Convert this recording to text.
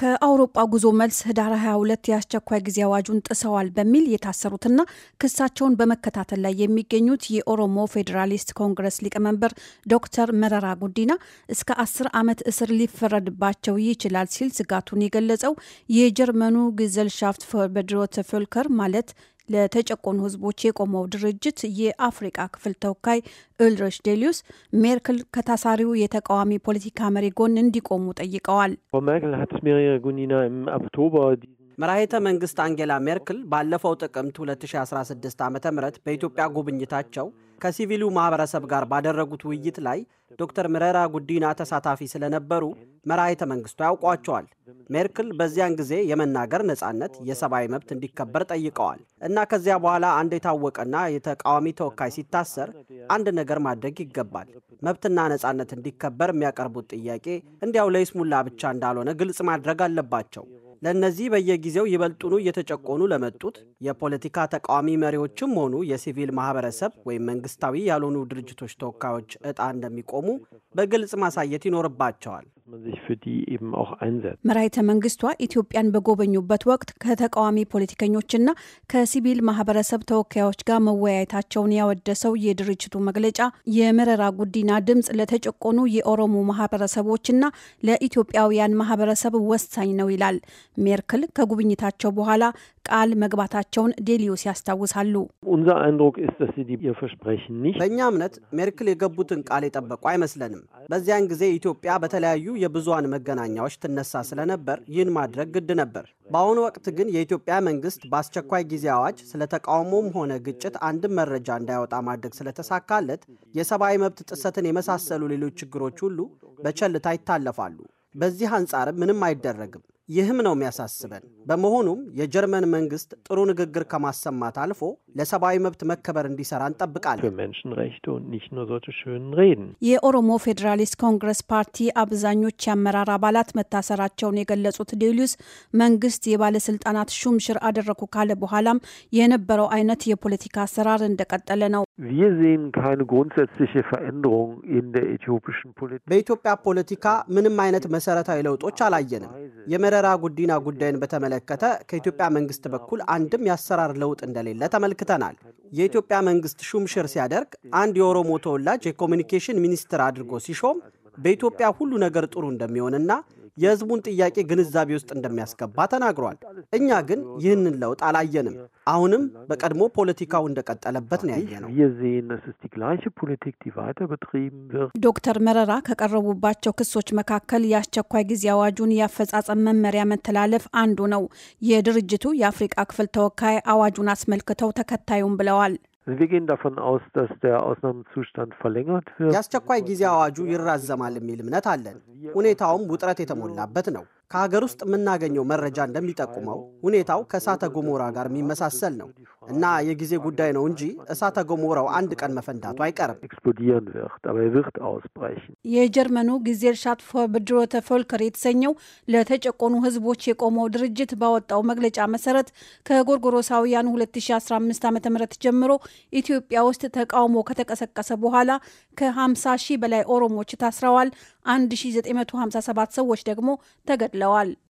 ከአውሮጳ ጉዞ መልስ ህዳር 22 የአስቸኳይ ጊዜ አዋጁን ጥሰዋል በሚል የታሰሩትና ክሳቸውን በመከታተል ላይ የሚገኙት የኦሮሞ ፌዴራሊስት ኮንግረስ ሊቀመንበር ዶክተር መረራ ጉዲና እስከ 10 ዓመት እስር ሊፈረድባቸው ይችላል ሲል ስጋቱን የገለጸው የጀርመኑ ግዘልሻፍት ፎር በድሮተ ፎልከር ማለት ለተጨቆኑ ህዝቦች የቆመው ድርጅት የአፍሪቃ ክፍል ተወካይ ኡልሪሽ ዴሊዩስ ሜርክል ከታሳሪው የተቃዋሚ ፖለቲካ መሪ ጎን እንዲቆሙ ጠይቀዋል። መራሄተ መንግስት አንጌላ ሜርክል ባለፈው ጥቅምት 2016 ዓ ም በኢትዮጵያ ጉብኝታቸው ከሲቪሉ ማኅበረሰብ ጋር ባደረጉት ውይይት ላይ ዶክተር ምረራ ጉዲና ተሳታፊ ስለነበሩ መራሄተ መንግስቱ ያውቋቸዋል። ሜርክል በዚያን ጊዜ የመናገር ነጻነት፣ የሰብአዊ መብት እንዲከበር ጠይቀዋል እና ከዚያ በኋላ አንድ የታወቀና የተቃዋሚ ተወካይ ሲታሰር አንድ ነገር ማድረግ ይገባል፣ መብትና ነጻነት እንዲከበር የሚያቀርቡት ጥያቄ እንዲያው ለይስሙላ ብቻ እንዳልሆነ ግልጽ ማድረግ አለባቸው። ለእነዚህ በየጊዜው ይበልጡኑ እየተጨቆኑ ለመጡት የፖለቲካ ተቃዋሚ መሪዎችም ሆኑ የሲቪል ማህበረሰብ ወይም መንግስታዊ ያልሆኑ ድርጅቶች ተወካዮች እጣ እንደሚቆሙ በግልጽ ማሳየት ይኖርባቸዋል። man መንግስቷ ኢትዮጵያን በጎበኙበት ወቅት ከተቃዋሚ ፖለቲከኞችና ከሲቪል ማህበረሰብ ተወካዮች ጋር መወያየታቸውን ያወደሰው የድርጅቱ መግለጫ የመረራ ጉዲና ድምፅ ለተጨቆኑ የኦሮሞ ማህበረሰቦችና ለኢትዮጵያውያን ማህበረሰብ ወሳኝ ነው ይላል። ሜርክል ከጉብኝታቸው በኋላ ቃል መግባታቸውን ዴሊዮስ ያስታውሳሉ። በእኛ እምነት ሜርክል የገቡትን ቃል የጠበቁ አይመስለንም። በዚያን ጊዜ ኢትዮጵያ በተለያዩ የብዙሃን መገናኛዎች ትነሳ ስለነበር ይህን ማድረግ ግድ ነበር። በአሁኑ ወቅት ግን የኢትዮጵያ መንግስት በአስቸኳይ ጊዜ አዋጅ ስለ ተቃውሞም ሆነ ግጭት አንድም መረጃ እንዳይወጣ ማድረግ ስለተሳካለት የሰብአዊ መብት ጥሰትን የመሳሰሉ ሌሎች ችግሮች ሁሉ በቸልታ ይታለፋሉ። በዚህ አንጻርም ምንም አይደረግም። ይህም ነው የሚያሳስበን። በመሆኑም የጀርመን መንግስት ጥሩ ንግግር ከማሰማት አልፎ ለሰብአዊ መብት መከበር እንዲሰራ እንጠብቃለን። የኦሮሞ ፌዴራሊስት ኮንግረስ ፓርቲ አብዛኞች የአመራር አባላት መታሰራቸውን የገለጹት ዴሊዩስ መንግስት የባለስልጣናት ሹምሽር አደረኩ ካለ በኋላም የነበረው አይነት የፖለቲካ አሰራር እንደቀጠለ ነው። በኢትዮጵያ ፖለቲካ ምንም አይነት መሰረታዊ ለውጦች አላየንም። የመረራ ጉዲና ጉዳይን በተመለከተ ከኢትዮጵያ መንግስት በኩል አንድም የአሰራር ለውጥ እንደሌለ ተመልክተናል። የኢትዮጵያ መንግስት ሹምሽር ሲያደርግ አንድ የኦሮሞ ተወላጅ የኮሚኒኬሽን ሚኒስትር አድርጎ ሲሾም በኢትዮጵያ ሁሉ ነገር ጥሩ እንደሚሆንና የህዝቡን ጥያቄ ግንዛቤ ውስጥ እንደሚያስገባ ተናግሯል። እኛ ግን ይህንን ለውጥ አላየንም። አሁንም በቀድሞ ፖለቲካው እንደቀጠለበት ነው ያየነው። ዶክተር መረራ ከቀረቡባቸው ክሶች መካከል የአስቸኳይ ጊዜ አዋጁን የአፈጻጸም መመሪያ መተላለፍ አንዱ ነው። የድርጅቱ የአፍሪቃ ክፍል ተወካይ አዋጁን አስመልክተው ተከታዩም ብለዋል። Also wir gehen davon aus, dass der Ausnahmezustand verlängert wird. የአስቸኳይ ጊዜ አዋጁ ይራዘማል የሚል እምነት አለን። ሁኔታውም ውጥረት የተሞላበት ነው። ከሀገር ውስጥ የምናገኘው መረጃ እንደሚጠቁመው ሁኔታው ከእሳተ ገሞራ ጋር የሚመሳሰል ነው እና የጊዜ ጉዳይ ነው እንጂ እሳተ ገሞራው አንድ ቀን መፈንዳቱ አይቀርም። er የጀርመኑ ጊዜርሻት ብድሮተ ፎልከር የተሰኘው ለተጨቆኑ ህዝቦች የቆመው ድርጅት ባወጣው መግለጫ መሰረት ከጎርጎሮሳውያን 2015 ዓ ም ጀምሮ ኢትዮጵያ ውስጥ ተቃውሞ ከተቀሰቀሰ በኋላ ከ50 ሺህ በላይ ኦሮሞች ታስረዋል። 1957 ሰዎች ደግሞ ተገድለዋል።